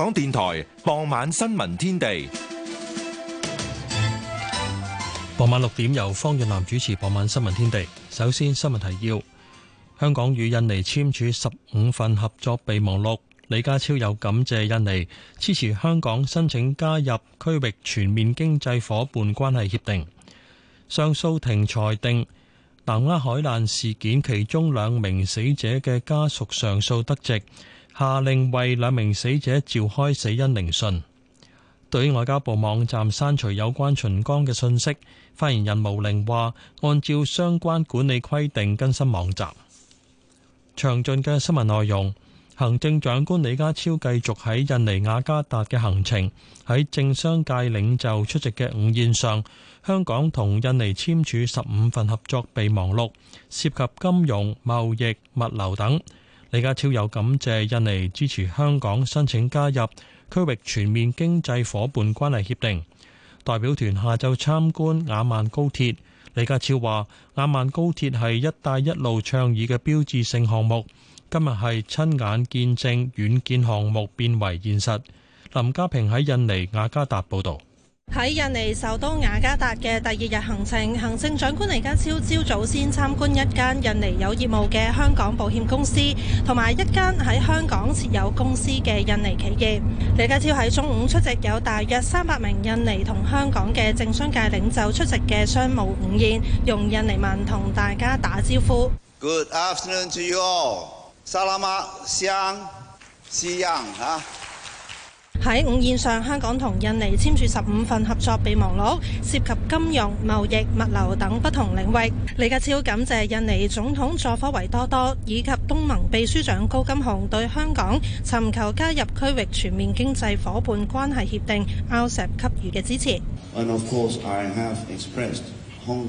港電台傍晚新聞天地，傍晚六點由方潤南主持。傍晚新聞天地，首先新聞提要：香港與印尼簽署十五份合作備忘錄。李家超有感謝印尼支持香港申請加入區域全面經濟夥伴關係協定。上訴庭裁定南丫海難事件其中兩名死者嘅家屬上訴得直。下令為兩名死者召開死因聆訊。對於外交部網站刪除有關秦剛嘅信息，發言人毛寧話：按照相關管理規定更新網站。詳盡嘅新聞內容。行政長官李家超繼續喺印尼雅加達嘅行程。喺政商界領袖出席嘅午宴上，香港同印尼簽署十五份合作備忘錄，涉及金融、貿易、物流等。李家超有感謝印尼支持香港申請加入區域全面經濟伙伴關係協定。代表團下晝參觀雅萬高鐵。李家超話：雅萬高鐵係「一帶一路」倡議嘅標誌性項目。今日係親眼見證遠見項目變為現實。林家平喺印尼雅加達報導。喺印尼首都雅加達嘅第二日行程，行政長官李家超朝早先參觀一間印尼有業務嘅香港保險公司，同埋一間喺香港設有公司嘅印尼企業。李家超喺中午出席有大約三百名印尼同香港嘅政商界領袖出席嘅商務午宴，用印尼文同大家打招呼。Good afternoon to you all. Selamat siang, siang, ha. 喺午宴上，香港同印尼簽署十五份合作備忘錄，涉及金融、貿易、物流等不同領域。李家超感謝印尼總統佐科維多多以及東盟秘書長高金雄對香港尋求加入區域全面經濟伙伴關係協定 （RCEP） 給予嘅支持。And of course, I have expressed Hong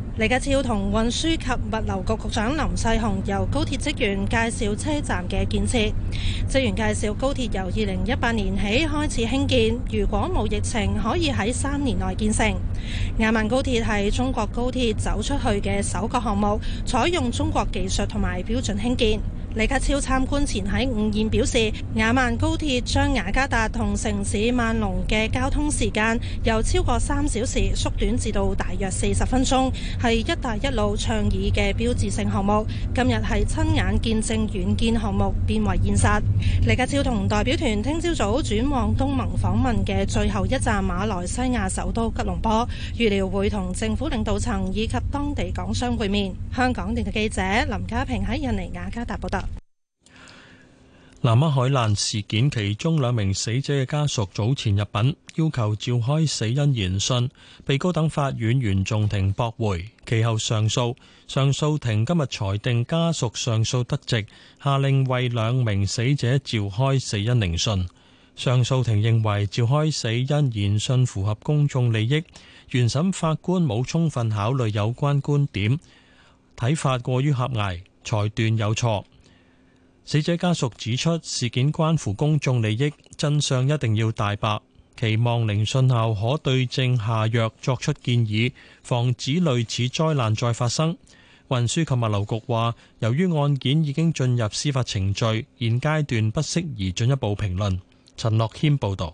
李家超同運輸及物流局局長林世雄由高鐵職員介紹車站嘅建設。職員介紹高鐵由二零一八年起開始興建，如果冇疫情，可以喺三年內建成。雅萬高鐵係中國高鐵走出去嘅首個項目，採用中國技術同埋標準興建。李家超參觀前喺午宴表示，雅萬高鐵將雅加達同城市萬隆嘅交通時間由超過三小時縮短至到大約四十分鐘，係“一帶一路”倡議嘅標誌性項目。今日係親眼見證遠見項目變為現實。李家超同代表團聽朝早轉往東盟訪問嘅最後一站馬來西亞首都吉隆坡，預料會同政府領導層以及當地港商會面。香港電台記者林家平喺印尼雅加達報道。南丫海難事件，其中兩名死者嘅家屬早前入稟，要求召開死因研訊，被高等法院原訟庭駁回。其後上訴，上訴庭今日裁定家屬上訴得直，下令為兩名死者召開死因聆訊。上訴庭認為召開死因研訊符合公眾利益，原審法官冇充分考慮有關觀點睇法過於狹隘，裁斷有錯。死者家屬指出，事件關乎公眾利益，真相一定要大白。期望聆訊後可對症下藥，作出建議，防止類似災難再發生。運輸及物流局話，由於案件已經進入司法程序，現階段不適宜進一步評論。陳樂謙報道。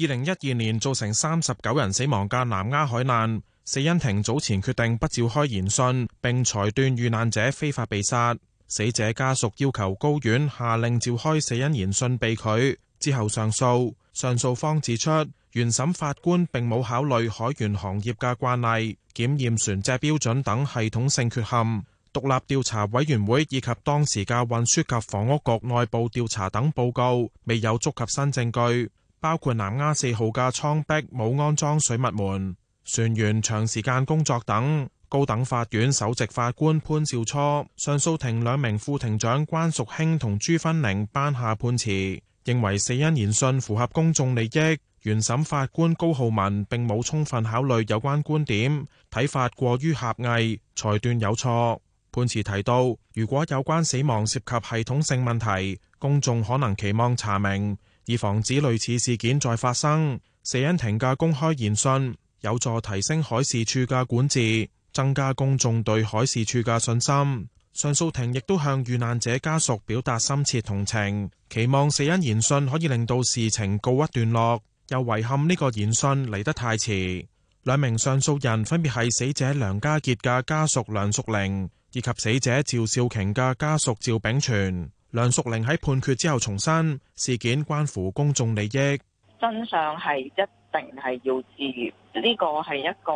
二零一二年造成三十九人死亡嘅南丫海難，死因庭早前決定不召開研訊，並裁斷遇難者非法被殺。死者家屬要求高院下令召開死因研訊，被拒之後上訴。上訴方指出，原審法官並冇考慮海員行業嘅慣例、檢驗船隻標準等系統性缺陷，獨立調查委員會以及當時嘅運輸及房屋局內部調查等報告未有觸及新證據，包括南丫四號架艙壁冇安裝水密門、船員長時間工作等。高等法院首席法官潘兆初、上訴庭兩名副庭長關淑馨同朱芬齡頒下判詞，認為死因研訊符合公眾利益。原審法官高浩文並冇充分考慮有關觀點，睇法過於狹隘，裁斷有錯。判詞提到，如果有關死亡涉及系統性問題，公眾可能期望查明，以防止類似事件再發生。死因庭嘅公開研訊有助提升海事處嘅管治。增加公眾對海事處嘅信心。上訴庭亦都向遇難者家屬表達深切同情，期望死因研訊可以令到事情告一段落。又遺憾呢個研訊嚟得太遲。兩名上訴人分別係死者梁家杰嘅家屬梁淑玲，以及死者趙少瓊嘅家屬趙炳全。梁淑玲喺判決之後重申，事件關乎公眾利益，真相係一定係要知。呢個係一個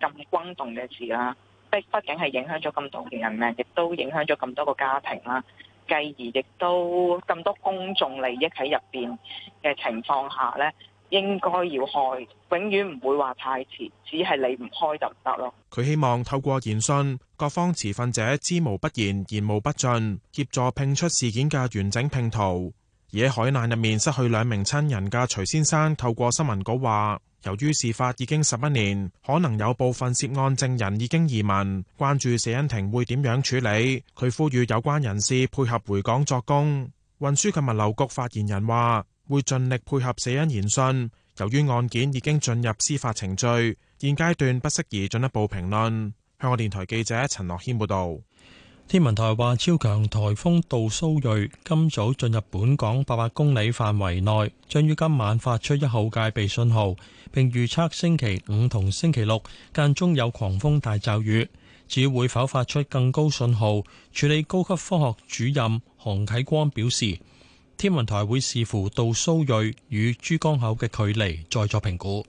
咁轟動嘅事啦，畢畢竟係影響咗咁多條人命，亦都影響咗咁多個家庭啦，繼而亦都咁多公眾利益喺入邊嘅情況下呢，應該要開，永遠唔會話太遲，只係你唔開就唔得咯。佢希望透過研訊，各方持份者知無不言，言無不盡，協助拼出事件嘅完整拼圖。而喺海難入面失去兩名親人嘅徐先生透過新聞稿話，由於事發已經十一年，可能有部分涉案證人已經移民，關注死因庭會點樣處理。佢呼籲有關人士配合回港作供。運輸及物流局發言人話，會盡力配合死因研訊。由於案件已經進入司法程序，現階段不適宜進一步評論。香港電台記者陳樂謙報道。天文台話超強颱風杜蘇芮今早進入本港八百公里範圍內，將於今晚發出一號戒備信號，並預測星期五同星期六間中有狂風大驟雨。至於會否發出更高信號，處理高級科學主任韓啟光表示，天文台會視乎杜蘇芮與珠江口嘅距離再作評估。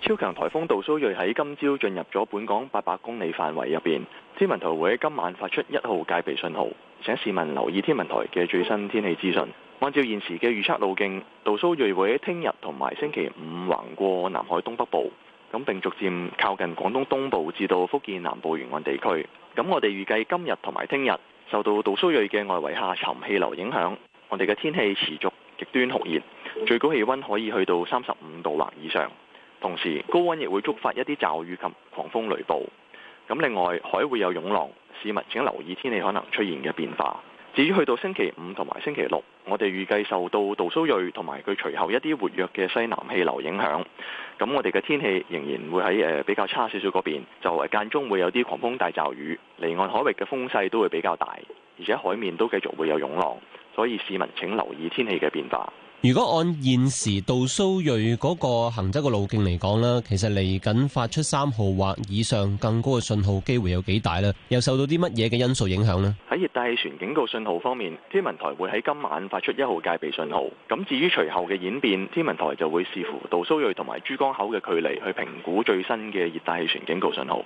超強台風杜蘇芮喺今朝進入咗本港八百公里範圍入邊。天文台會喺今晚發出一號戒備信號，請市民留意天文台嘅最新天氣資訊。按照現時嘅預測路徑，杜蘇芮會喺聽日同埋星期五橫過南海東北部，咁並逐漸靠近廣東東部至到福建南部沿岸地區。咁我哋預計今日同埋聽日受到杜蘇芮嘅外圍下沉氣流影響，我哋嘅天氣持續極端酷熱，最高氣温可以去到三十五度或以上。同時，高温亦會觸發一啲驟雨及狂風雷暴。咁另外海會有湧浪，市民請留意天氣可能出現嘅變化。至於去到星期五同埋星期六，我哋預計受到杜蘇芮同埋佢隨後一啲活躍嘅西南氣流影響，咁我哋嘅天氣仍然會喺誒比較差少少嗰邊，就間中會有啲狂風大驟雨，離岸海域嘅風勢都會比較大，而且海面都繼續會有湧浪，所以市民請留意天氣嘅變化。如果按現時杜蘇芮嗰個行走嘅路徑嚟講啦，其實嚟緊發出三號或以上更高嘅信號機會有幾大咧？又受到啲乜嘢嘅因素影響咧？喺熱帶氣旋警告信號方面，天文台會喺今晚發出一號戒備信號，咁至於隨後嘅演變，天文台就會視乎杜蘇芮同埋珠江口嘅距離去評估最新嘅熱帶氣旋警告信號。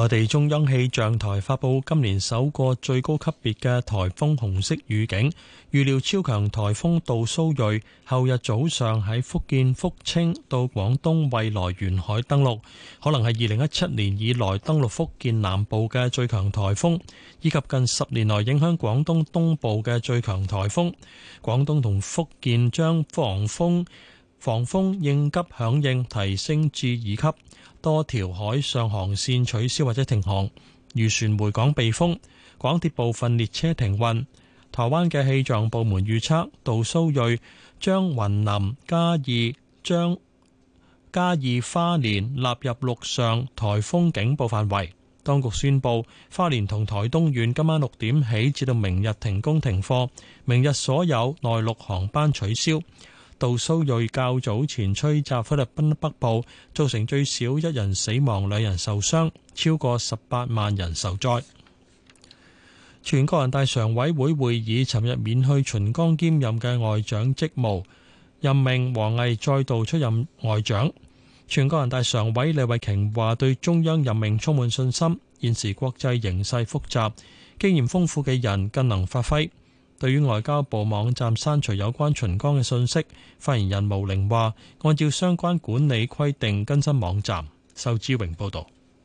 內地中央氣象台發布今年首個最高級別嘅台風紅色預警，預料超強台風杜蘇芮後日早上喺福建福清到廣東惠來沿海登陸，可能係二零一七年以來登陸福建南部嘅最強台風，以及近十年來影響廣東東部嘅最強台風。廣東同福建將防風防風應急響應提升至二級。多條海上航線取消或者停航，漁船回港避風，港鐵部分列車停運。台灣嘅氣象部門預測，杜蘇芮將雲林、嘉義將嘉義、花蓮納入陸上颱風警報範圍。當局宣布，花蓮同台東縣今晚六點起至到明日停工停課，明日所有內陸航班取消。杜蘇芮較早前吹襲菲律賓北部，造成最少一人死亡、兩人受傷，超過十八萬人受災。全國人大常委會會議尋日免去秦剛兼任嘅外長職務，任命王毅再度出任外長。全國人大常委李慧瓊話：對中央任命充滿信心，現時國際形勢複雜，經驗豐富嘅人更能發揮。對於外交部網站刪除有關秦剛嘅信息，發言人毛寧話：按照相關管理規定更新網站。仇志榮報導。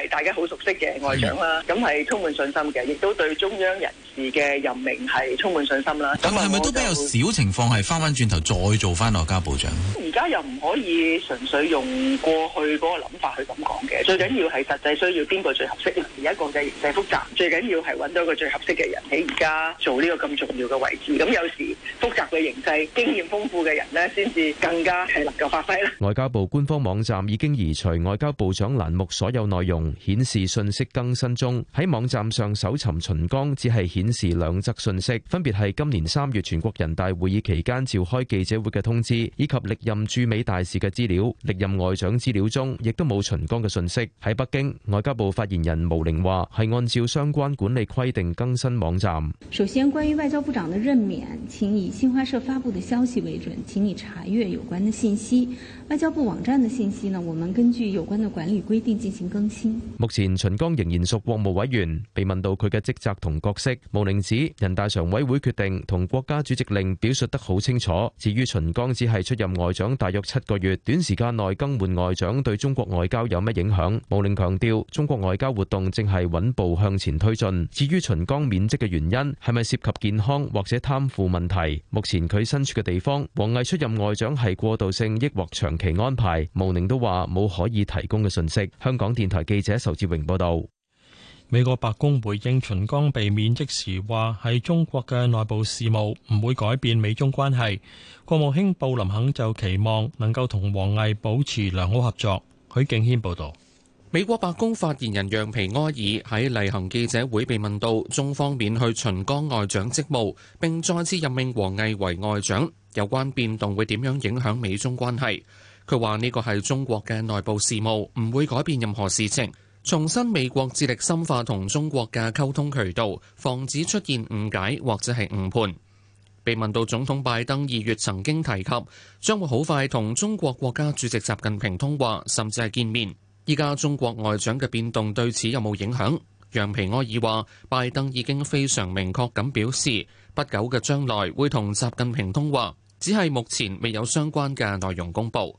係大家好熟悉嘅外長啦，咁係、嗯、充滿信心嘅，亦都對中央人事嘅任命係充滿信心啦。咁係咪都比較少情況係翻翻轉頭再做翻外交部長？而家又唔可以純粹用過去嗰個諗法去咁講嘅，最緊要係實際需要邊個最合適。而家國際形勢複雜，最緊要係揾到個最合適嘅人喺而家做呢個咁重要嘅位置。咁有時複雜嘅形勢，經驗豐富嘅人咧，先至更加係能夠發揮啦。外交部官方網站已經移除外交部長欄目所有內容。顯示信息更新中，喺網站上搜尋秦剛只係顯示兩則信息，分別係今年三月全國人大會議期間召開記者會嘅通知，以及歷任駐美大使嘅資料。歷任外長資料中，亦都冇秦剛嘅信息。喺北京，外交部發言人毛寧話，係按照相關管理規定更新網站。首先，關於外交部長嘅任免，請以新華社發佈嘅消息為準，請你查閱有關嘅信息。外交部網站嘅信息呢，我們根據有關嘅管理規定進行更新。目前秦剛仍然屬國務委員，被問到佢嘅職責同角色，毛寧指人大常委會決定同國家主席令表述得好清楚。至於秦剛只係出任外長大約七個月，短時間內更換外長對中國外交有咩影響？毛寧強調，中國外交活動正係穩步向前推進。至於秦剛免職嘅原因係咪涉及健康或者貪腐問題？目前佢身處嘅地方，王毅出任外長係過渡性抑或長期安排？毛寧都話冇可以提供嘅信息。香港電台記者。者仇志榮報道，美國白宮回應秦剛被免職時話係中國嘅內部事務，唔會改變美中關係。國務卿布林肯就期望能夠同王毅保持良好合作。許敬軒報道，美國白宮發言人楊皮埃爾喺例行記者會被問到中方免去秦剛外長職務，並再次任命王毅為外長，有關變動會點樣影響美中關係？佢話呢個係中國嘅內部事務，唔會改變任何事情。重申美國致力深化同中國嘅溝通渠道，防止出現誤解或者係誤判。被問到總統拜登二月曾經提及將會好快同中國國家主席習近平通話，甚至係見面，依家中國外長嘅變動對此有冇影響？楊皮埃爾話：拜登已經非常明確咁表示，不久嘅將來會同習近平通話，只係目前未有相關嘅內容公布。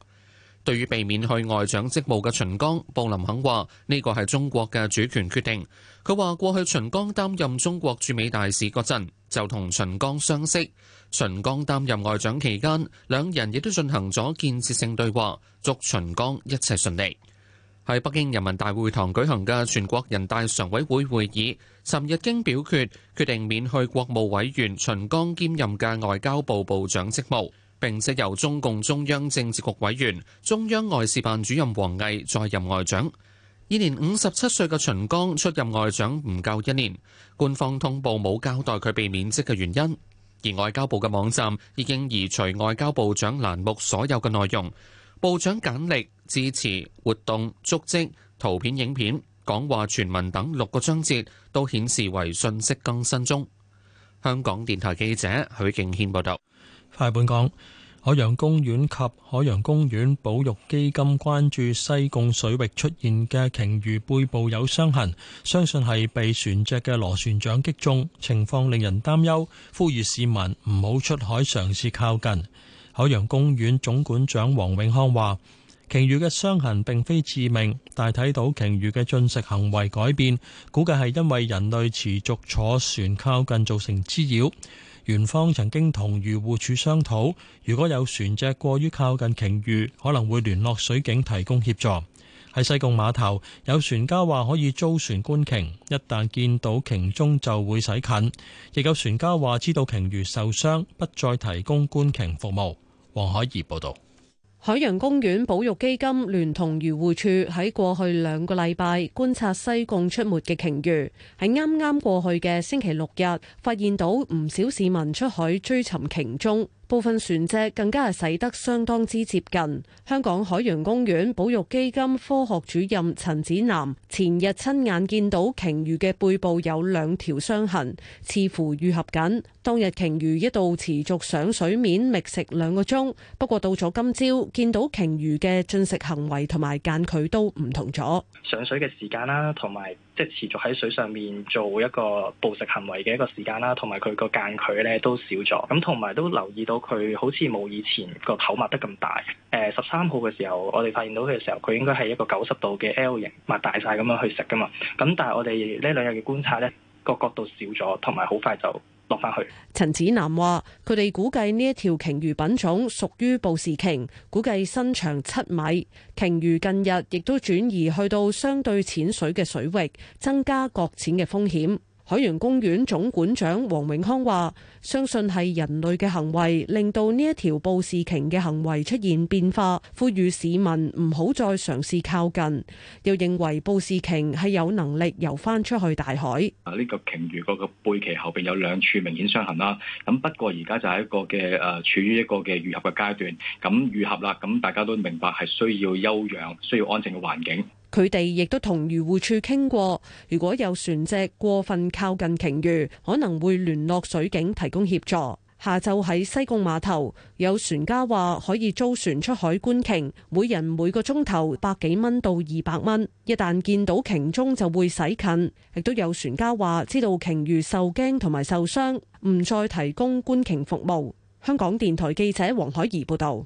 對於被免去外長職務嘅秦剛，布林肯話：呢個係中國嘅主權決定。佢話過去秦剛擔任中國駐美大使嗰陣就同秦剛相識，秦剛擔任外長期間，兩人亦都進行咗建設性對話，祝秦剛一切順利。喺北京人民大會堂舉行嘅全國人大常委會會議，尋日經表決決定免去國務委員秦剛兼任嘅外交部部長職務。並且由中共中央政治局委員、中央外事辦主任王毅再任外長。二年五十七歲嘅秦剛出任外長唔夠一年，官方通報冇交代佢被免職嘅原因。而外交部嘅網站已經移除外交部長欄目所有嘅內容，部長簡歷、致辭、活動、足跡、圖片、影片、講話全文等六個章節都顯示為信息更新中。香港電台記者許敬軒報道。喺本港，海洋公園及海洋公園保育基金關注西貢水域出現嘅鯨魚背部有傷痕，相信係被船隻嘅螺旋槳擊中，情況令人擔憂，呼籲市民唔好出海嘗試靠近。海洋公園總館長黃永康話：鯨魚嘅傷痕並非致命，但睇到鯨魚嘅進食行為改變，估計係因為人類持續坐船靠近造成滋擾。元方曾經同漁護署商討，如果有船隻過於靠近鯨魚，可能會聯絡水警提供協助。喺西貢碼頭，有船家話可以租船觀鯨，一旦見到鯨蹤就會駛近。亦有船家話知道鯨魚受傷，不再提供觀鯨服務。黃海怡報導。海洋公園保育基金聯同漁護署喺過去兩個禮拜觀察西貢出沒嘅鯨魚，喺啱啱過去嘅星期六日，發現到唔少市民出海追尋鯨蹤。部分船隻更加係駛得相當之接近。香港海洋公園保育基金科學主任陳展南前日親眼見到鯨魚嘅背部有兩條傷痕，似乎愈合緊。當日鯨魚一度持續上水面覓食兩個鐘，不過到咗今朝，見到鯨魚嘅進食行為同埋間距都唔同咗，上水嘅時間啦、啊，同埋。即係持續喺水上面做一個捕食行為嘅一個時間啦，同埋佢個間距咧都少咗，咁同埋都留意到佢好似冇以前個口擘得咁大。誒、呃，十三號嘅時候，我哋發現到佢嘅時候，佢應該係一個九十度嘅 L 型擘大晒咁樣去食㗎嘛。咁但係我哋呢兩日嘅觀察咧，個角度少咗，同埋好快就，落翻去。陳子南話，佢哋估計呢一條鯨魚品種屬於布氏鯨，估計身長七米。鯨魚近日亦都轉移去到相對淺水嘅水域，增加擱淺嘅風險。海洋公園總館長黃永康話：相信係人類嘅行為令到呢一條布氏鯨嘅行為出現變化，呼籲市民唔好再嘗試靠近。又認為布氏鯨係有能力遊翻出去大海。啊！呢個鯨魚嗰個背鰭後邊有兩處明顯傷痕啦。咁不過而家就係一個嘅誒處於一個嘅愈合嘅階段。咁愈合啦。咁大家都明白係需要休養，需要安靜嘅環境。佢哋亦都同漁護處傾過，如果有船隻過分靠近鯨魚，可能會聯絡水警提供協助。下晝喺西貢碼頭有船家話可以租船出海觀鯨，每人每個鐘頭百幾蚊到二百蚊。一旦見到鯨蹤就會駛近，亦都有船家話知道鯨魚受驚同埋受傷，唔再提供觀鯨服務。香港電台記者黃海怡報道。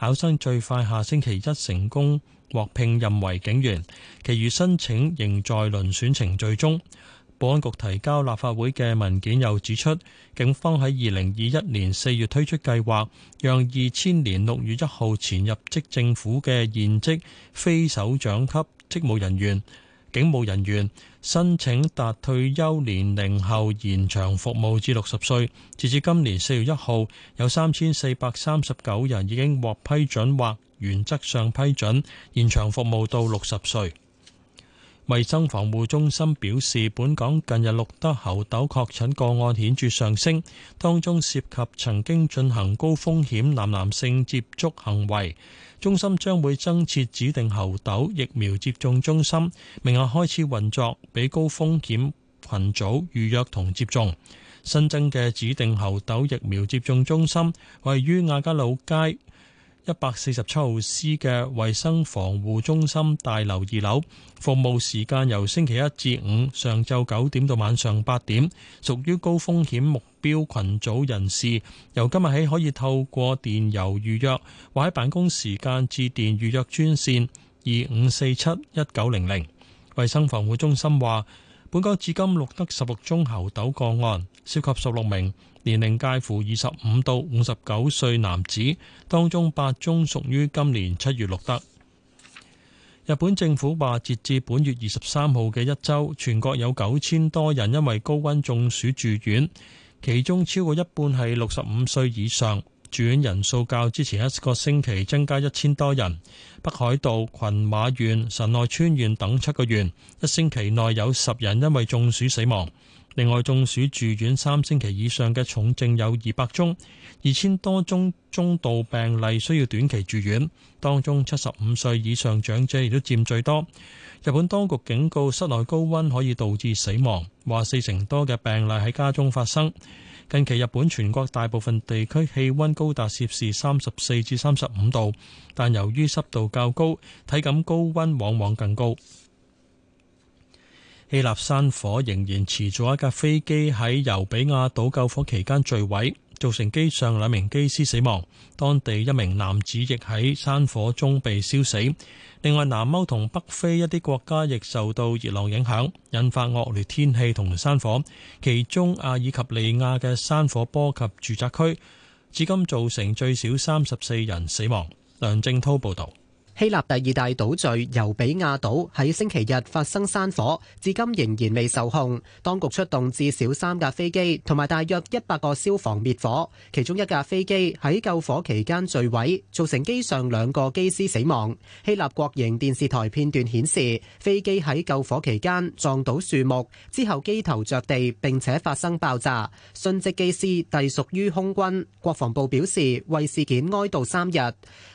考生最快下星期一成功獲聘任為警員，其餘申請仍在輪選程序中。保安局提交立法會嘅文件又指出，警方喺二零二一年四月推出計劃，讓二千年六月一號前入職政府嘅現職非首長級職務人員。警務人員申請達退休年齡後延長服務至六十歲，截至今年四月一號，有三千四百三十九人已經獲批准或原則上批准延長服務到六十歲。衛生防護中心表示，本港近日錄得猴痘確診個案顯著上升，當中涉及曾經進行高風險男男性接觸行為。中心將會增設指定猴痘疫苗接種中心，明日起開始運作，俾高風險群組預約同接種。新增嘅指定猴痘疫苗接種中心位於亞皆老街。一百四十七號 C 嘅衛生防護中心大樓二樓，服務時間由星期一至五上晝九點到晚上八點，屬於高風險目標群組人士，由今日起可以透過電郵預約或喺辦公時間致電預約專線二五四七一九零零。衛生防護中心話。本港至今錄得十六宗猴痘個案，涉及十六名年齡介乎二十五到五十九歲男子，當中八宗屬於今年七月錄得。日本政府話，截至本月二十三號嘅一週，全國有九千多人因為高溫中暑住院，其中超過一半係六十五歲以上。住院人數較之前一個星期增加一千多人，北海道、群馬縣、神奈川縣等七個縣一星期內有十人因為中暑死亡。另外，中暑住院三星期以上嘅重症有二百宗，二千多宗中度病例需要短期住院，當中七十五歲以上長者亦都佔最多。日本當局警告室內高温可以導致死亡，話四成多嘅病例喺家中發生。近期日本全國大部分地區氣温高達攝氏三十四至三十五度，但由於濕度較高，體感高温往往更高。希臘山火仍然持續，一架飛機喺猶比亞島救火期間墜毀。造成機上兩名機師死亡，當地一名男子亦喺山火中被燒死。另外，南歐同北非一啲國家亦受到熱浪影響，引發惡劣天氣同山火。其中，阿爾及利亞嘅山火波及住宅區，至今造成最少三十四人死亡。梁正濤報道。希臘第二大島嶼尤比亞島喺星期日發生山火，至今仍然未受控。當局出動至少三架飛機，同埋大約一百個消防滅火。其中一架飛機喺救火期間墜毀，造成機上兩個機師死亡。希臘國營電視台片段顯示，飛機喺救火期間撞到樹木，之後機頭着地，並且發生爆炸。殉職機師隸屬於空軍。國防部表示，為事件哀悼三日。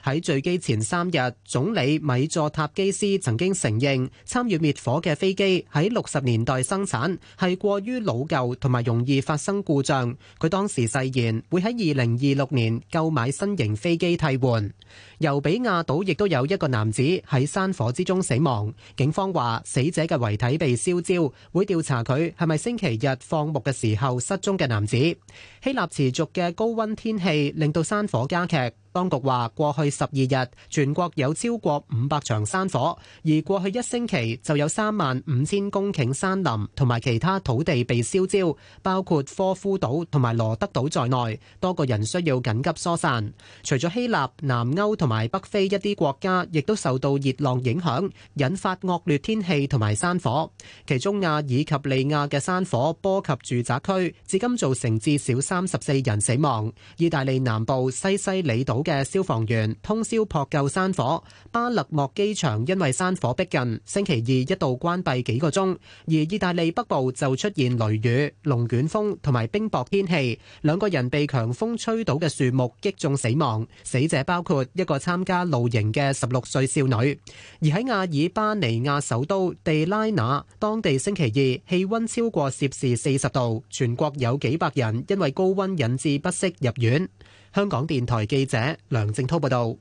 喺墜機前三日。總理米佐塔基斯曾經承認，參與滅火嘅飛機喺六十年代生產，係過於老舊同埋容易發生故障。佢當時誓言會喺二零二六年購買新型飛機替換。尤比亞島亦都有一個男子喺山火之中死亡，警方話死者嘅遺體被燒焦，會調查佢係咪星期日放牧嘅時候失蹤嘅男子。希臘持續嘅高温天氣令到山火加劇。當局話，過去十二日，全國有超過五百場山火，而過去一星期，就有三萬五千公頃山林同埋其他土地被燒焦，包括科夫島同埋羅德島在內，多個人需要緊急疏散。除咗希臘，南歐同埋北非一啲國家，亦都受到熱浪影響，引發惡劣天氣同埋山火。其中亞爾及利亞嘅山火波及住宅區，至今造成至少三十四人死亡。意大利南部西西里島嘅消防員通宵撲救山火，巴勒莫機場因為山火逼近，星期二一度關閉幾個鐘。而意大利北部就出現雷雨、龍捲風同埋冰雹天氣，兩個人被強風吹倒嘅樹木擊中死亡，死者包括一個參加露營嘅十六歲少女。而喺阿爾巴尼亞首都地拉那，當地星期二氣溫超過攝氏四十度，全國有幾百人因為高温引致不適入院。香港電台記者梁正濤報道：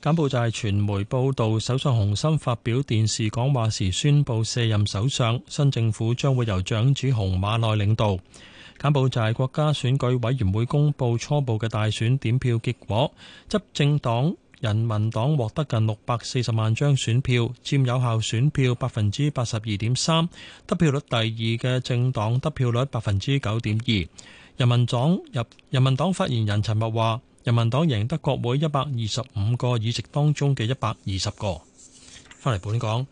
柬埔寨傳媒報道，首相洪森發表電視講話時宣布，卸任首相新政府將會由長子洪馬內領導。柬埔寨國家選舉委員會公布初步嘅大選點票結果，執政黨人民黨獲得近六百四十萬張選票，佔有效選票百分之八十二點三，得票率第二嘅政黨得票率百分之九點二。人民黨入人民黨發言人陳默話，人民黨贏得國會一百二十五個議席當中嘅一百二十個。翻嚟本港，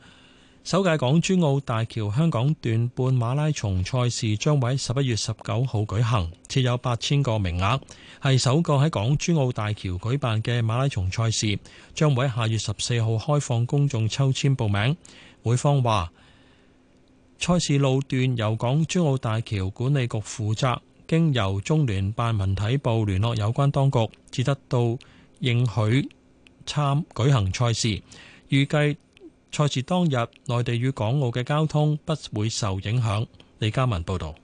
首屆港珠澳大橋香港段半馬拉松賽事將會喺十一月十九號舉行，設有八千個名額，係首個喺港珠澳大橋舉辦嘅馬拉松賽事。將會喺下月十四號開放公眾抽籤報名。會方話，賽事路段由港珠澳大橋管理局負責。經由中聯辦文體部聯絡有關當局，至得到應許參舉行賽事。預計賽事當日，內地與港澳嘅交通不會受影響。李嘉文報導。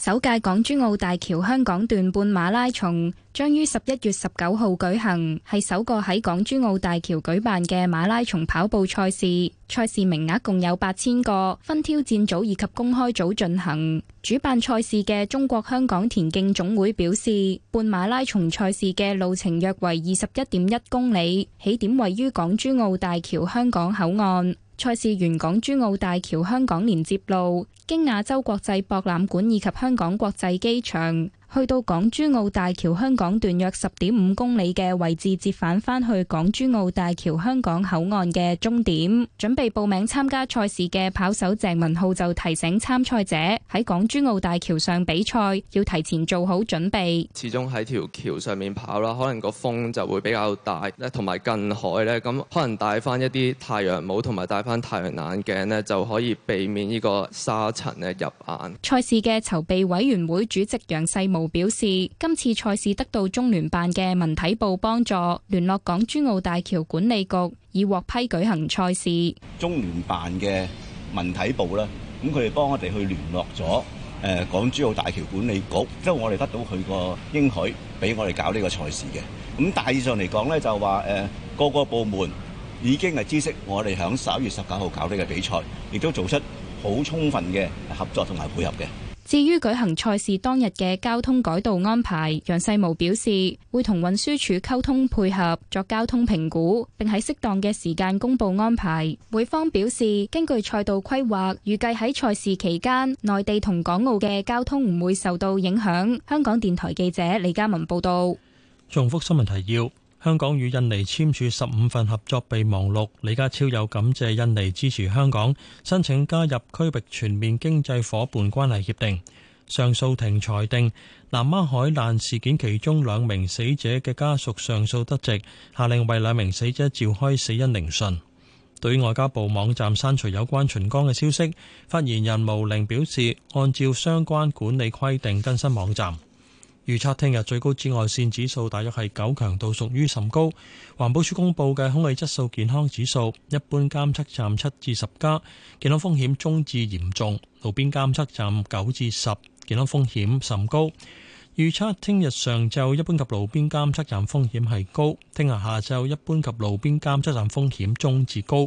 首屆港珠澳大橋香港段半馬拉松將於十一月十九號舉行，係首個喺港珠澳大橋舉辦嘅馬拉松跑步賽事。賽事名額共有八千個，分挑戰組以及公開組進行。主辦賽事嘅中國香港田徑總會表示，半馬拉松賽事嘅路程約為二十一點一公里，起點位於港珠澳大橋香港口岸。賽事沿港珠澳大橋、香港連接路、經亞洲國際博覽館以及香港國際機場，去到港珠澳大橋香港段約十點五公里嘅位置折返，翻去港珠澳大橋香港口岸嘅終點，準備報名參加賽事嘅跑手鄭文浩就提醒參賽者喺港珠澳大橋上比賽要提前做好準備。始終喺條橋上面跑啦，可能個風就會比較大咧，同埋近海咧，咁可能戴翻一啲太陽帽同埋戴翻太陽眼鏡咧，就可以避免呢個沙塵咧入眼。賽事嘅籌備委員會主席楊世無表示，今次賽事得到中聯辦嘅文體部幫助，聯絡港珠澳大橋管理局，已獲批舉行賽事。中聯辦嘅文體部咧，咁佢哋幫我哋去聯絡咗誒，港珠澳大橋管理局，即係我哋得到佢個應許，俾我哋搞呢個賽事嘅。咁大意上嚟講咧，就話誒，各個部門已經係知識我哋響十一月十九號搞呢個比賽，亦都做出好充分嘅合作同埋配合嘅。至於舉行賽事當日嘅交通改道安排，楊世模表示會同運輸署溝通配合，作交通評估，並喺適當嘅時間公佈安排。會方表示，根據賽道規劃，預計喺賽事期間，內地同港澳嘅交通唔會受到影響。香港電台記者李嘉文報道。重複新聞提要。香港與印尼簽署十五份合作備忘錄。李家超又感謝印尼支持香港申請加入區域全面經濟夥伴關係協定。上訴庭裁定南丫海難事件其中兩名死者嘅家屬上訴得直，下令為兩名死者召開死因聆訊。對外交部網站刪除有關秦剛嘅消息，發言人毛寧表示，按照相關管理規定更新網站。預測聽日最高紫外線指數大約係九強度，屬於甚高。環保署公布嘅空氣質素健康指數，一般監測站七至十加，健康風險中至嚴重；路邊監測站九至十，健康風險甚高。預測聽日上晝一般及路邊監測站風險係高，聽日下晝一般及路邊監測站風險中至高。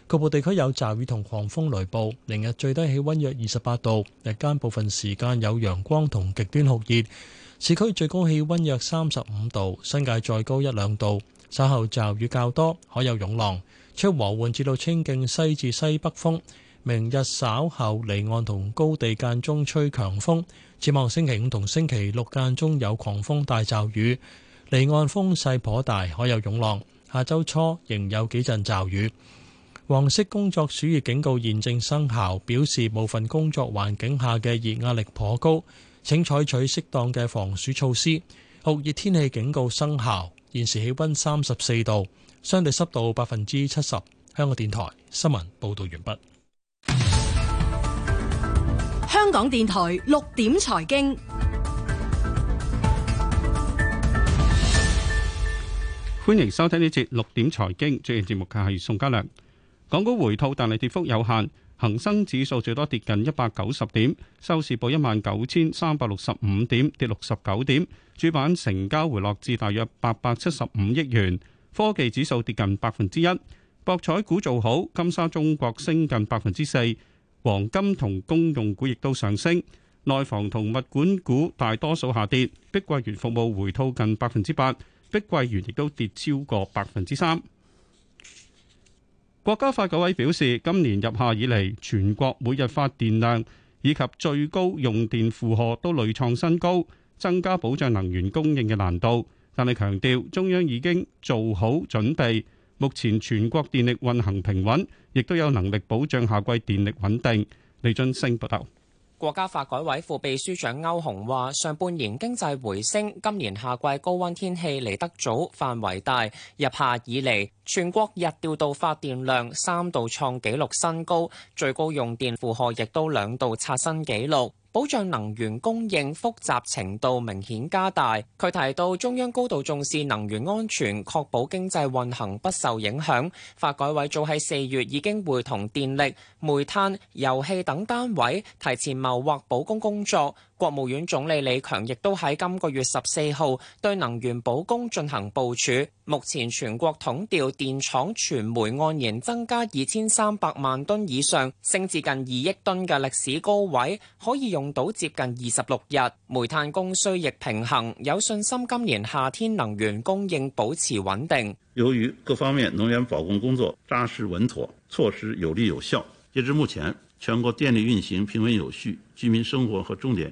局部地區有驟雨同狂風雷暴，明日最低氣溫約二十八度，日間部分時間有陽光同極端酷熱。市區最高氣溫約三十五度，新界再高一兩度。稍後驟雨較多，可有湧浪，出和緩至到清勁西至西北風。明日稍後離岸同高地間中吹強風，展望星期五同星期六間中有狂風大驟雨，離岸風勢頗大，可有湧浪。下周初仍有幾陣驟雨。黃色工作暑熱警告現正生效，表示部分工作環境下嘅熱壓力頗高，請採取適當嘅防暑措施。酷熱天氣警告生效，現時氣溫三十四度，相對濕度百分之七十。香港電台新聞報道完畢。香港電台六點財經，歡迎收聽呢節六點財經，主持節目嘅係宋家良。港股回吐，但係跌幅有限。恒生指數最多跌近一百九十點，收市報一萬九千三百六十五點，跌六十九點。主板成交回落至大約八百七十五億元。科技指數跌近百分之一。博彩股做好，金沙中國升近百分之四。黃金同公用股亦都上升。內房同物管股大多數下跌。碧桂園服務回吐近百分之八，碧桂園亦都跌超過百分之三。國家發改委表示，今年入夏以嚟，全國每日發電量以及最高用電負荷都屢創新高，增加保障能源供應嘅難度。但係強調，中央已經做好準備，目前全國電力運行平穩，亦都有能力保障夏季電力穩定。李津升報道。國家發改委副秘書長歐雄話：上半年經濟回升，今年夏季高温天氣嚟得早，範圍大。入夏以嚟，全國日調度發電量三度創紀錄新高，最高用電負荷亦都兩度刷新紀錄。保障能源供應複雜程度明顯加大。佢提到，中央高度重視能源安全，確保經濟運行不受影響。發改委早喺四月已經會同電力、煤炭、油氣等單位提前謀劃保供工作。國務院總理李強亦都喺今個月十四號對能源保供進行部署。目前全國統調電廠存煤按年增加二千三百萬噸以上，升至近二億噸嘅歷史高位，可以用到接近二十六日。煤炭供需亦平衡，有信心今年夏天能源供應保持穩定。由於各方面能源保供工，工作紮實穩妥，措施有力有效，截至目前，全國電力運行平穩有序，居民生活和重點。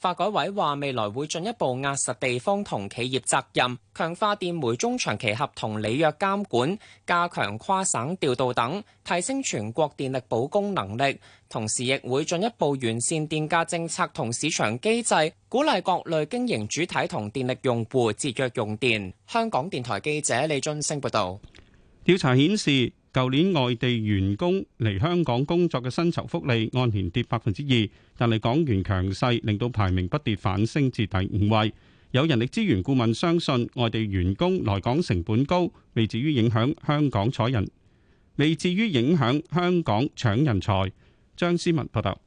發改委話，未來會進一步壓實地方同企業責任，強化電煤中長期合同履約監管，加強跨省調度等，提升全國電力保供能力。同時，亦會進一步完善電價政策同市場機制，鼓勵各類經營主體同電力用戶節約用電。香港電台記者李俊升報導。調查顯示。舊年外地員工嚟香港工作嘅薪酬福利按年跌百分之二，但係港元強勢令到排名不跌反升至第五位。有人力資源顧問相信，外地員工來港成本高，未至於影響香港採人，未至於影響香港搶人才。張思文報道。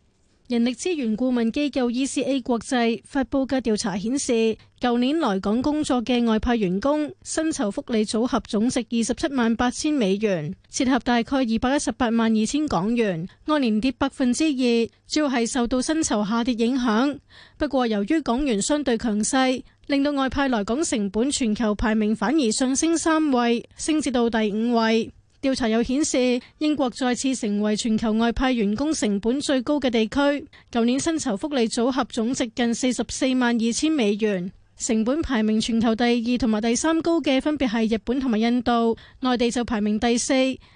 人力資源顧問機構 ECA 國際發布嘅調查顯示，舊年來港工作嘅外派員工薪酬福利組合總值二十七萬八千美元，折合大概二百一十八萬二千港元，按年跌百分之二，主要係受到薪酬下跌影響。不過由於港元相對強勢，令到外派來港成本全球排名反而上升三位，升至到第五位。調查又顯示，英國再次成為全球外派員工成本最高嘅地區，舊年薪酬福利組合總值近四十四萬二千美元，成本排名全球第二同埋第三高嘅分別係日本同埋印度，內地就排名第四。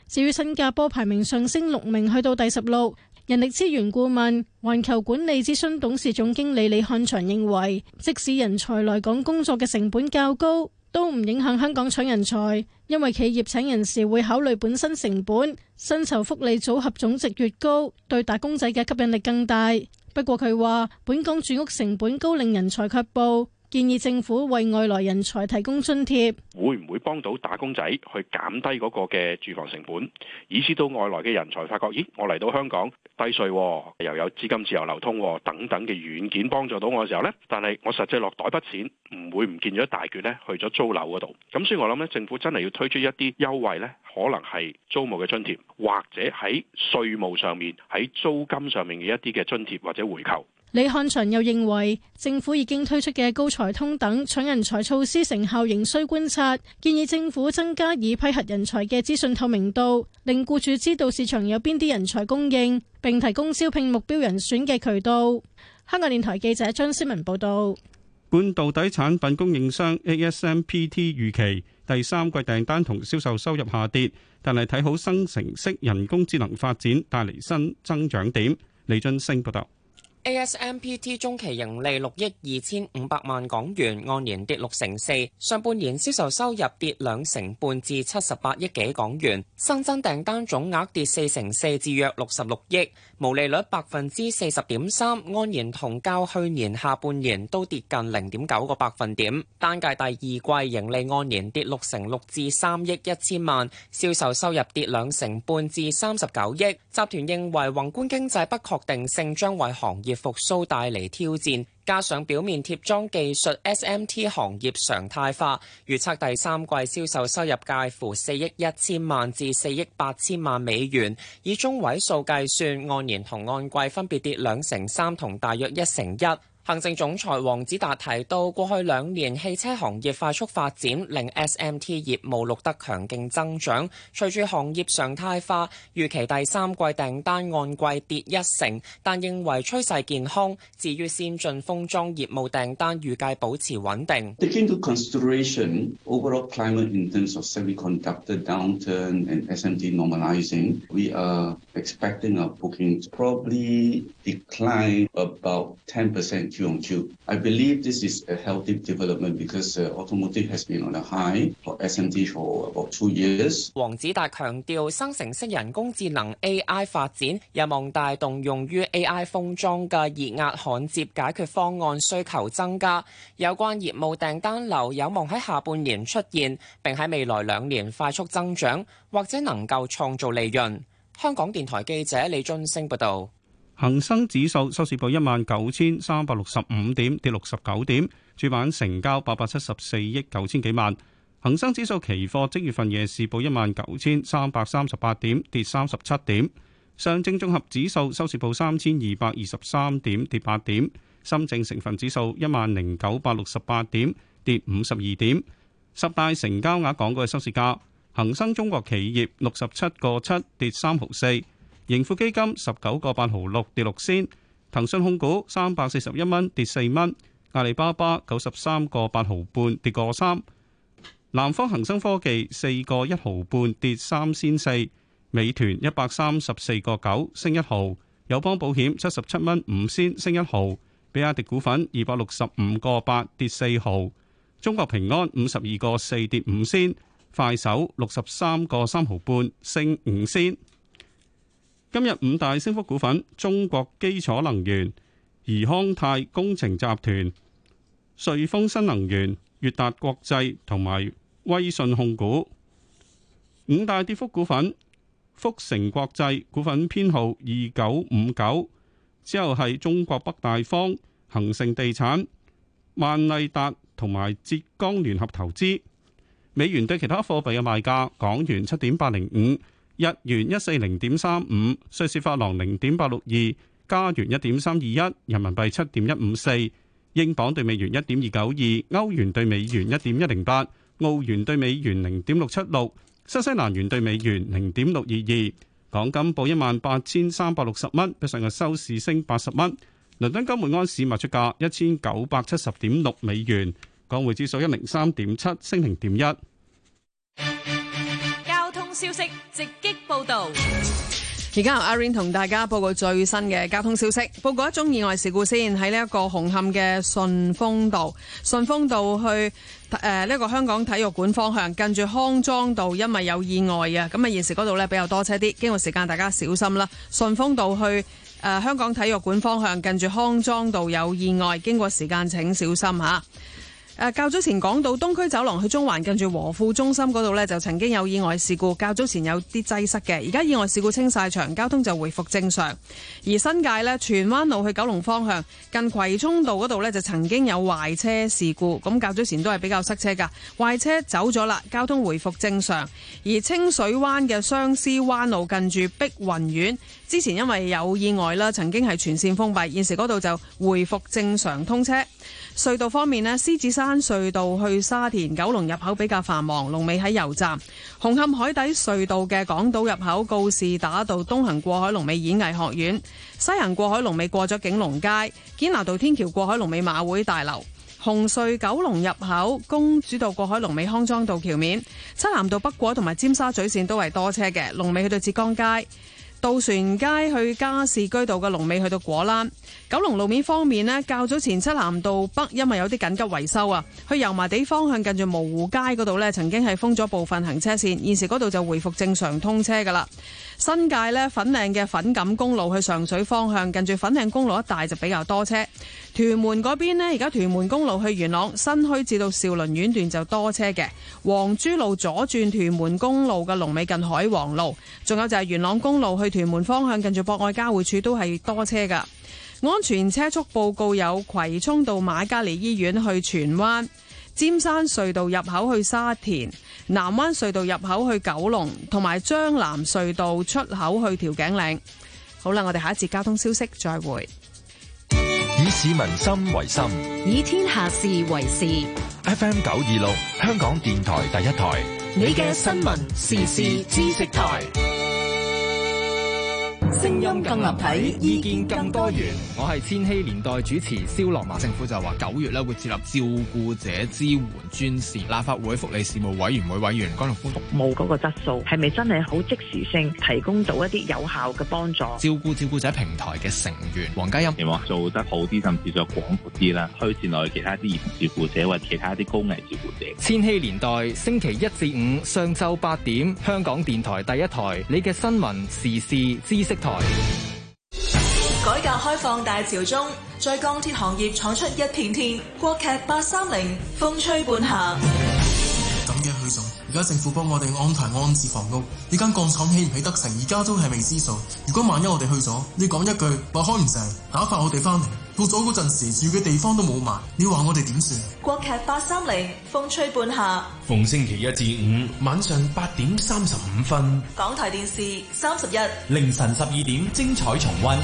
至於新加坡排名上升六名，去到第十六。人力資源顧問、環球管理諮詢董事總經理李漢祥認為，即使人才來港工作嘅成本較高。都唔影響香港搶人才，因為企業請人時會考慮本身成本，薪酬福利組合總值越高，對打工仔嘅吸引力更大。不過佢話，本港住屋成本高，令人才卻步。建議政府為外來人才提供津貼，會唔會幫到打工仔去減低嗰個嘅住房成本，以至到外來嘅人才發覺，「咦，我嚟到香港低稅啊，又有資金自由流通啊，等等嘅軟件幫助到我嘅時候呢。」但係我實際落袋筆錢，唔會唔見咗大卷咧，去咗租樓嗰度。咁所以我諗咧，政府真係要推出一啲優惠呢，可能係租務嘅津貼，或者喺稅務上面、喺租金上面嘅一啲嘅津貼或者回扣。李漢祥又認為，政府已經推出嘅高才通等搶人才措施成效仍需觀察，建議政府增加以批核人才嘅資訊透明度，令僱主知道市場有邊啲人才供應，並提供招聘目標人選嘅渠道。香港電台記者張思文報道。半導體產品供應商 ASMPT 預期第三季訂單同銷售收入下跌，但係睇好生成式人工智能發展帶嚟新增長點。李津升報道。ASMPT 中期盈利六億二千五百萬港元，按年跌六成四。上半年銷售收入跌兩成半至七十八億幾港元，新增訂單總額跌四成四至約六十六億，毛利率百分之四十點三，按年同較去年下半年都跌近零點九個百分點。單計第二季盈利按年跌六成六至三億一千萬，銷售收入跌兩成半至三十九億。集團認為宏觀經濟不確定性將為行業。復蘇帶嚟挑戰，加上表面貼裝技術 （SMT） 行業常態化，預測第三季銷售收入介乎四億一千萬至四億八千萬美元，以中位數計算，按年同按季分別跌兩成三同大約一成一。行政總裁黃子達提到過去兩年汽車行業快速發展令 SMT 業務錄得強勁增長，隨住行業常態化，預期第三季訂單按季跌一成，但認為趨勢健康。至於先進封裝業務訂單預計保持穩定。我係認為這係一個良好的發展，因為汽車已經喺高級車位。SMT 對於兩個多月嘅時間，王子達強調，生成式人工智能 AI 發展有望帶動用於 AI 封裝嘅熱壓焊接解決方案需求增加。有關業務訂單流有望喺下半年出現，並喺未來兩年快速增長，或者能夠創造利潤。香港電台記者李俊升報導。恒生指數收市報一萬九千三百六十五點，跌六十九點。主板成交八百七十四億九千幾萬。恒生指數期貨即月份夜市報一萬九千三百三十八點，跌三十七點。上證綜合指數收市報三千二百二十三點，跌八點。深證成分指數一萬零九百六十八點，跌五十二點。十大成交額港股嘅收市價：恒生中國企業六十七個七，跌三毫四。盈富基金十九個八毫六跌六仙，騰訊控股三百四十一蚊跌四蚊，阿里巴巴九十三個八毫半跌個三，南方恒生科技四個一毫半跌三仙四，美團一百三十四個九升一毫，友邦保險七十七蚊五仙升一毫，比亞迪股份二百六十五個八跌四毫，中國平安五十二個四跌五仙，快手六十三個三毫半升五仙。今日五大升幅股份：中國基礎能源、怡康泰工程集團、瑞豐新能源、悅達國際同埋威信控股。五大跌幅股份：福成國際股份編號二九五九，之後係中國北大方、恒盛地產、萬麗達同埋浙江聯合投資。美元對其他貨幣嘅賣價：港元七點八零五。日元一四零點三五，瑞士法郎零點八六二，加元一點三二一，人民幣七點一五四，英鎊對美元一點二九二，歐元對美元一點一零八，澳元對美元零點六七六，新西蘭元對美元零點六二二。港金報一萬八千三百六十蚊，比上日收市升八十蚊。倫敦金每安士賣出價一千九百七十點六美元。港匯指數一零三點七，升零點一。消息直擊報道，而家由阿 Rain 同大家報告最新嘅交通消息。報告一宗意外事故先，喺呢一個紅磡嘅順豐道，順豐道去誒呢一個香港體育館方向，近住康莊道，因為有意外啊，咁啊現時嗰度呢，比較多車啲，經過時間，大家小心啦。順豐道去、誒、呃、香港體育館方向，近住康莊道有意外，經過時間請小心吓。誒，較早前講到東區走廊去中環近住和富中心嗰度呢，就曾經有意外事故，較早前有啲擠塞嘅。而家意外事故清晒場，交通就回復正常。而新界呢，荃灣路去九龍方向近葵涌道嗰度呢，就曾經有壞車事故，咁較早前都係比較塞車㗎。壞車走咗啦，交通回復正常。而清水灣嘅相思灣路近住碧雲苑，之前因為有意外啦，曾經係全線封閉，現時嗰度就回復正常通車。隧道方面呢，獅子山隧道去沙田九龍入口比較繁忙，龍尾喺油站；紅磡海底隧道嘅港島入口告士打道東行過海龍尾演藝學院，西行過海龍尾過咗景隆街；堅拿道天橋過海龍尾馬會大樓；紅隧九龍入口公主道過海龍尾康莊道橋面；漆咸道北果同埋尖沙咀線都係多車嘅，龍尾去到浙江街。渡船街去加士居道嘅龍尾去到果欄，九龍路面方面咧，較早前漆咸道北因為有啲緊急維修啊，去油麻地方向近住蕪湖街嗰度呢曾經係封咗部分行車線，現時嗰度就回復正常通車噶啦。新界咧，粉嶺嘅粉錦公路去上水方向，近住粉嶺公路一帶就比較多車。屯門嗰邊咧，而家屯門公路去元朗新墟至到兆麟苑段就多車嘅。黃珠路左轉屯門公路嘅龍尾近海皇路，仲有就係元朗公路去屯門方向，近住博愛交匯處都係多車嘅。安全車速報告有葵涌到瑪嘉烈醫院去荃灣，尖山隧道入口去沙田，南灣隧道入口去九龍，同埋張南隧道出口去調景嶺。好啦，我哋下一節交通消息再會。以市民心為心，以天下事為事。FM 九二六，香港電台第一台，你嘅新聞時事知識台。聲音更立體，意見更多元。我係千禧年代主持蕭樂馬。政府就話九月咧，會設立照顧者支援專線，立法會福利事務委員會委員江玉歡服務嗰個質素係咪真係好即時性提供到一啲有效嘅幫助？照顧照顧者平台嘅成員黃家欣，希望嗎做得好啲，甚至再廣闊啲啦，推薦落去其他啲兒童照顧者或其他啲高危照顧者。者顧者，千禧年代，星期一至五上晝八點，香港電台第一台，你嘅新聞時事知識台，改革開放大潮中，在鋼鐵行業闖出一片天，國劇八三零，風吹半夏。而家政府幫我哋安排安置房屋，呢間鋼廠起唔起得成，而家都係未知數。如果萬一我哋去咗，你講一句我開唔成，打發我哋翻嚟，到咗嗰陣時住嘅地方都冇埋，你話我哋點算？國劇八三零，風吹半夏，逢星期一至五晚上八點三十五分，港台電視三十一，凌晨十二點精彩重溫。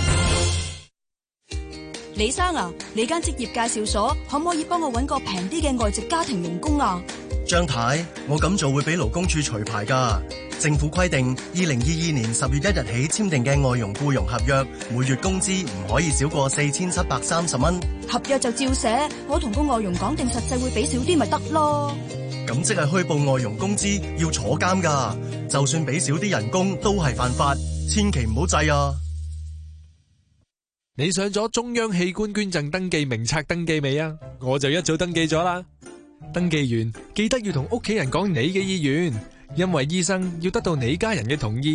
李生啊，你間職業介紹所可唔可以幫我搵個平啲嘅外籍家庭傭工啊？張太，我咁做會俾勞工處除牌噶。政府規定，二零二二年十月一日起簽訂嘅外傭僱傭合約，每月工資唔可以少過四千七百三十蚊。合約就照寫，我同個外傭講定，實際會俾少啲咪得咯。咁即係虛報外傭工資要坐監噶，就算俾少啲人工都係犯法，千祈唔好制啊！你上咗中央器官捐贈登記名冊登記未啊？我就一早登記咗啦。登記完，記得要同屋企人講你嘅意願，因為醫生要得到你家人嘅同意。